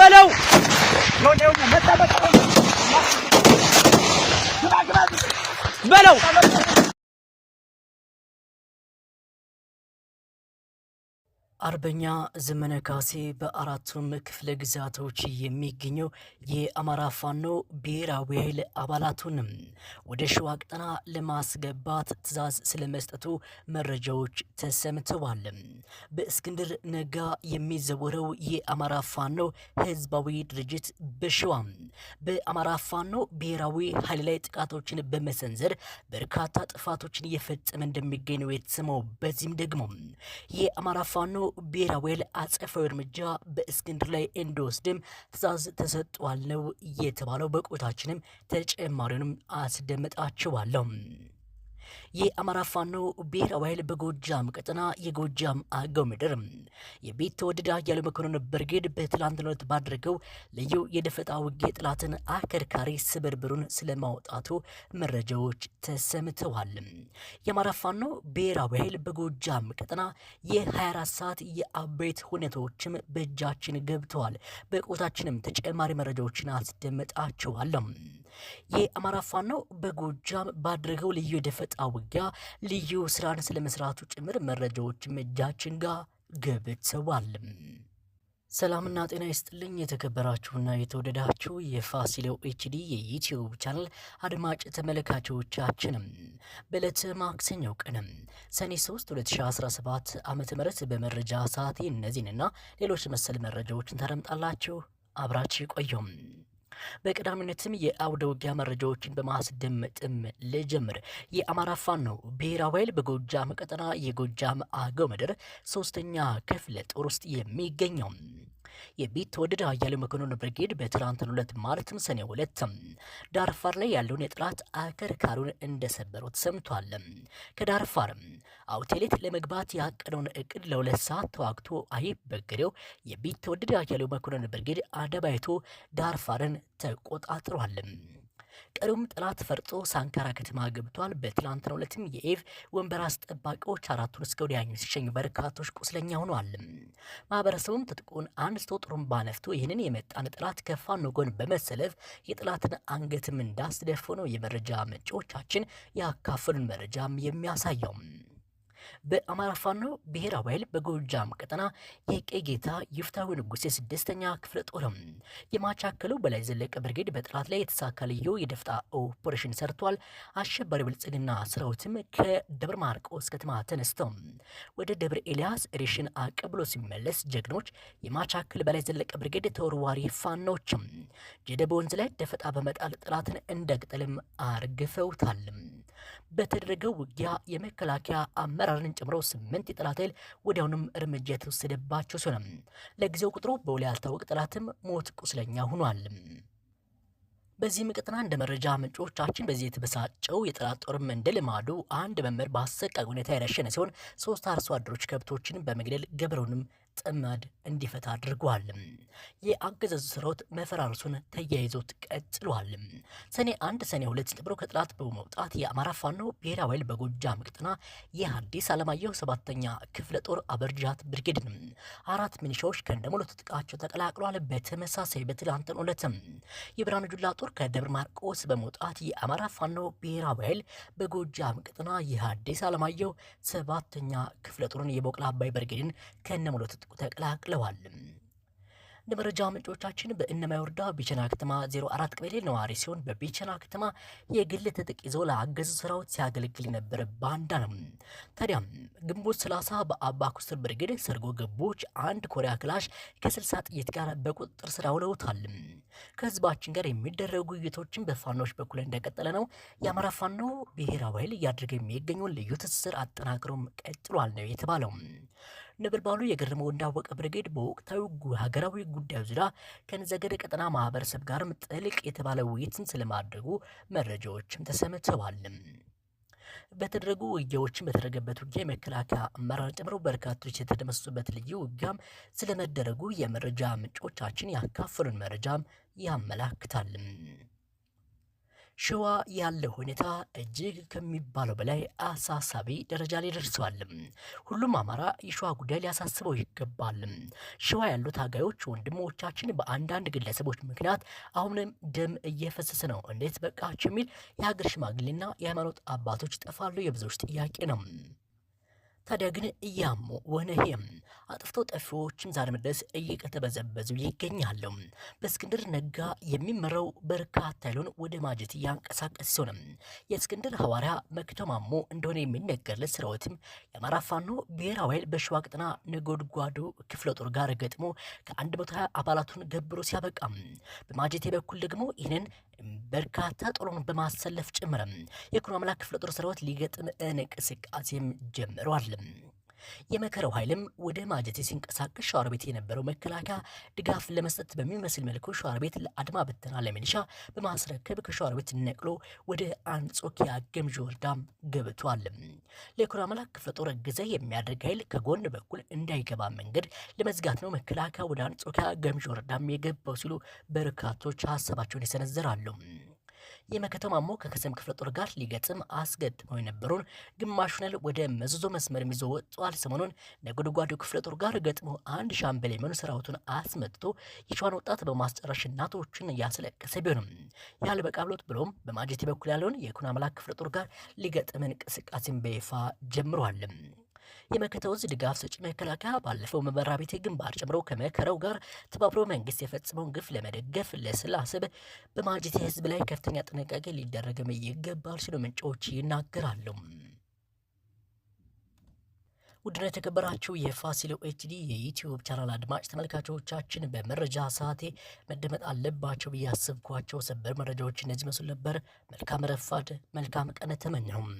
በለው በለው አርበኛ ዘመነ ካሴ በአራቱም ክፍለ ግዛቶች የሚገኘው የአማራ ፋኖ ብሔራዊ ኃይል አባላቱን ወደ ሸዋ ቀጠና ለማስገባት ትዕዛዝ ስለመስጠቱ መረጃዎች ተሰምተዋል። በእስክንድር ነጋ የሚዘወረው የአማራ ፋኖ ህዝባዊ ድርጅት በሸዋ በአማራ ፋኖ ብሔራዊ ኃይል ላይ ጥቃቶችን በመሰንዘር በርካታ ጥፋቶችን እየፈጸመ እንደሚገኝ ነው የተሰማው። በዚህም ደግሞ የአማራ ፋኖ ብሔራዊል አጸፋዊ እርምጃ በእስክንድር ላይ እንደወስድም ትእዛዝ ተሰጥቷል ነው የተባለው። በቆይታችንም ተጨማሪውንም አስደምጣችኋለሁ። የአማራ ፋኖ ብሔራዊ ኃይል በጎጃም ቀጠና የጎጃም አገው ምድር የቤት ተወደዳ ያለው መኮንን ብርጌድ በትላንትናው ዕለት ባደረገው ልዩ የደፈጣ ውጊያ የጠላትን አከርካሪ ስብርብሩን ስለማውጣቱ መረጃዎች ተሰምተዋል። የአማራ ፋኖ ብሔራዊ ኃይል በጎጃም ቀጠና የ24 ሰዓት የአበይት ሁኔታዎችም በእጃችን ገብተዋል። በቆታችንም ተጨማሪ መረጃዎችን አስደምጣችኋለሁ። የአማራ ፋኖ በጎጃም ባደረገው ልዩ የደፈጣ ውጊያ ልዩ ስራን ስለመስራቱ ጭምር መረጃዎችም እጃችን ጋር ገብተዋል። ሰላምና ጤና ይስጥልኝ የተከበራችሁና የተወደዳችሁ የፋሲለው ኤችዲ የዩትዩብ ቻናል አድማጭ ተመልካቾቻችንም በዕለተ ማክሰኛው ቀንም ሰኔ 3 2017 ዓ ም በመረጃ ሰዓት እነዚህንና ሌሎች መሰል መረጃዎችን ታደምጣላችሁ። አብራችሁ ቆየም በቀዳሚነትም የአውደ ውጊያ መረጃዎችን በማስደመጥም ልጀምር። የአማራ ፋኖ ነው ብሔራዊ ኃይል በጎጃም ቀጠና የጎጃም አገው ምድር ሶስተኛ ክፍለ ጦር ውስጥ የሚገኘው የሚትወደድ አያሌው መኮንን ብርጌድ በትላንትን ሁለት ማለትም ሰኔ ሁለት ዳርፋር ላይ ያለውን የጥላት አከርካሪውን እንደሰበሩት ሰምቷል። ከዳርፋር አውቴሌት ለመግባት ያቀደውን እቅድ ለሁለት ሰዓት ተዋግቶ አይበገሬው የሚትወደድ አያሌው መኮንን ብርጌድ አደባይቶ ዳርፋርን ተቆጣጥሯል። ቀሪውም ጠላት ፈርጦ ሳንካራ ከተማ ገብቷል። በትላንትናው ዕለትም የኤቭ ወንበር አስጠባቂዎች አራቱን እስከ ወዲያኛው ሲሸኙ በርካቶች ቁስለኛ ሆነዋል። ማህበረሰቡም ትጥቁን አንስቶ ጥሩምባ ነፍቶ ይህንን የመጣን ጠላት ከፋኖ ጎን በመሰለፍ የጠላትን አንገትም እንዳስደፈነው የመረጃ ምንጮቻችን ያካፈሉን መረጃም የሚያሳየው። በአማራ ፋኖ ብሔራዊ ኃይል በጎጃም ቀጠና የቀይ ጌታ ይፍታዊ ንጉሥ የስድስተኛ ክፍለ ጦርም የማቻከሉ በላይ ዘለቀ ብርጌድ በጥላት ላይ የተሳካ ልዩ የደፍጣ ኦፕሬሽን ሰርቷል። አሸባሪ ብልጽግና ስራውትም ከደብረ ማርቆስ ከተማ ተነስተው ወደ ደብረ ኤልያስ ሬሽን አቀብሎ ሲመለስ ጀግኖች የማቻከል በላይ ዘለቀ ብርጌድ ተወርዋሪ ፋኖችም ጀደብ ወንዝ ላይ ደፈጣ በመጣል ጥላትን እንደ ቅጠልም አርግፈውታል። በተደረገው ውጊያ የመከላከያ አመራርን ጨምሮ ስምንት የጠላት ኃይል ወዲያውኑም እርምጃ የተወሰደባቸው ሲሆንም ለጊዜው ቁጥሩ በውል ያልታወቀ ጠላትም ሞት ቁስለኛ ሆኗል። በዚህ ምቅጥና እንደ መረጃ ምንጮቻችን በዚህ የተበሳጨው የጠላት ጦርም እንደ ልማዱ አንድ መምህር በአሰቃቂ ሁኔታ ያረሸነ ሲሆን ሶስት አርሶ አደሮች ከብቶችን በመግደል ገበሬውንም ጥማድ እንዲፈታ አድርጓል። የአገዛዙ ሰራዊት መፈራረሱን ተያይዞት ቀጥሏል። ሰኔ አንድ ሰኔ ሁለት ጥብሮ ከጥላት በመውጣት የአማራ ፋኖ ብሔራዊ ኃይል በጎጃም ቀጠና የሐዲስ ዓለማየሁ ሰባተኛ ክፍለ ጦር አበርጃት ብርጌድን አራት ሚኒሻዎች ከነሙሉ ትጥቃቸው ተቀላቅሏል። በተመሳሳይ በትላንትን ዕለትም የብርሃኑ ጁላ ጦር ከደብረ ማርቆስ በመውጣት የአማራ ፋኖ ብሔራዊ ኃይል በጎጃም ቀጠና የሐዲስ ዓለማየሁ ሰባተኛ ክፍለ ጦርን የቦቅላ አባይ ብርጌድን ከነሙሉ ትጥቃቸው ተቀላቅለዋል። እንደ መረጃ ምንጮቻችን በእነማይ ወረዳ ቢቸና ከተማ 04 ቀበሌ ነዋሪ ሲሆን በቢቸና ከተማ የግል ትጥቅ ይዞ ለአገዙ ስራዎች ሲያገለግል የነበረ ባንዳ ነው። ታዲያም ግንቦት 30 በአባ ኩስትር ብርጌድ ሰርጎ ገቦች አንድ ኮሪያ ክላሽ ከ60 ጥይት ጋር በቁጥጥር ስር አውለውታል። ከህዝባችን ጋር የሚደረጉ ውይይቶችን በፋኖች በኩል እንደቀጠለ ነው። የአማራ ፋኖ ብሔራዊ ኃይል እያደረገ የሚገኘውን ልዩ ትስስር አጠናክሮም ቀጥሏል ነው የተባለው። ነበልባሉ የገረመው እንዳወቀ ብርጌድ በወቅታዊ ሀገራዊ ጉዳዩ ዙሪያ ከነዘገደ ቀጠና ማህበረሰብ ጋርም ጥልቅ የተባለ ውይይትን ስለማድረጉ መረጃዎችም ተሰምተዋል። በተደረጉ ውጊያዎችን በተደረገበት ውጊያ የመከላከያ አመራር ጨምሮ በርካቶች የተደመሰሱበት ልዩ ውጊያም ስለመደረጉ የመረጃ ምንጮቻችን ያካፈሉን መረጃም ያመላክታል። ሸዋ ያለው ሁኔታ እጅግ ከሚባለው በላይ አሳሳቢ ደረጃ ላይ ደርሰዋል። ሁሉም አማራ የሸዋ ጉዳይ ሊያሳስበው ይገባል። ሸዋ ያሉ ታጋዮች ወንድሞቻችን በአንዳንድ ግለሰቦች ምክንያት አሁንም ደም እየፈሰሰ ነው፣ እንዴት በቃች የሚል የሀገር ሽማግሌና የሃይማኖት አባቶች ይጠፋሉ የብዙዎች ጥያቄ ነው። ታዲያ ግን እያሞ ወነህም አጥፍቶ ጠፊዎችም ዛለመድረስ እየቀተበዘበዙ ይገኛሉ። በእስክንድር ነጋ የሚመራው በርካታ ኃይሉን ወደ ማጀት እያንቀሳቀስ ሲሆን የእስክንድር ሐዋርያ መክተ ማሞ እንደሆነ የሚነገርለት ሰራዊትም የአማራ ፋኖ ብሔራዊ ኃይል በሸዋ ቅጥና ነጎድጓዶ ክፍለ ጦር ጋር ገጥሞ ከ120 አባላቱን ገብሮ ሲያበቃ በማጀቴ በኩል ደግሞ ይህንን በርካታ ጦሩን በማሰለፍ ጭምርም የኩኖ አምላክ ክፍለ ጦር ሰራዊት ሊገጥም እንቅስቃሴም ጀምሯል። የመከረው ኃይልም ወደ ማጀቴ ሲንቀሳቀስ ሸዋር ቤት የነበረው መከላከያ ድጋፍ ለመስጠት በሚመስል መልኩ ሸዋር ቤት ለአድማ በተና ለሚሊሻ በማስረከብ ከሸዋር ቤት ነቅሎ ወደ አንጾኪያ ገምዥ ወረዳ ገብቷል። ለኩራ መላክ ክፍለ ጦር እገዛ የሚያደርግ ኃይል ከጎን በኩል እንዳይገባ መንገድ ለመዝጋት ነው መከላከያ ወደ አንጾኪያ ገምዥ ወረዳም የገባው ሲሉ በርካቶች ሀሳባቸውን ይሰነዝራሉ። የመከተው ማሞ ከከሰም ክፍለ ጦር ጋር ሊገጥም አስገጥመው የነበረውን ግማሹን ያህል ወደ መዝዞ መስመርም ይዞ ወጥቷል። ሰሞኑን ነጎድጓዱ ክፍለ ጦር ጋር ገጥሞ አንድ ሻምበል የሚሆኑ ሰራዊቱን አስመጥቶ የሸዋን ወጣት በማስጨረሽ እናቶችን እያስለቀሰ ቢሆንም ያህል በቃ ብሎት ብሎም በማጀቴ በኩል ያለውን የኩናምላክ ክፍለ ጦር ጋር ሊገጥም እንቅስቃሴን በይፋ ጀምሯል። የመከተ ወንዝ ድጋፍ ሰጪ መከላከያ ባለፈው መመራ ቤቴ ግንባር ጨምሮ ከመከረው ጋር ተባብሮ መንግስት የፈጸመውን ግፍ ለመደገፍ ለስላስብ በማጀቴ ህዝብ ላይ ከፍተኛ ጥንቃቄ ሊደረግም ይገባል ሲሉ ምንጮች ይናገራሉ። ውድና የተከበራችሁ የፋሲሎ ኤችዲ የዩቲዩብ ቻናል አድማጭ ተመልካቾቻችን በመረጃ ሰዓቴ መደመጥ አለባቸው ብዬ ያሰብኳቸው ሰበር መረጃዎች እነዚህ መስሉ ነበር። መልካም ረፋድ፣ መልካም ቀን ተመኘሁም።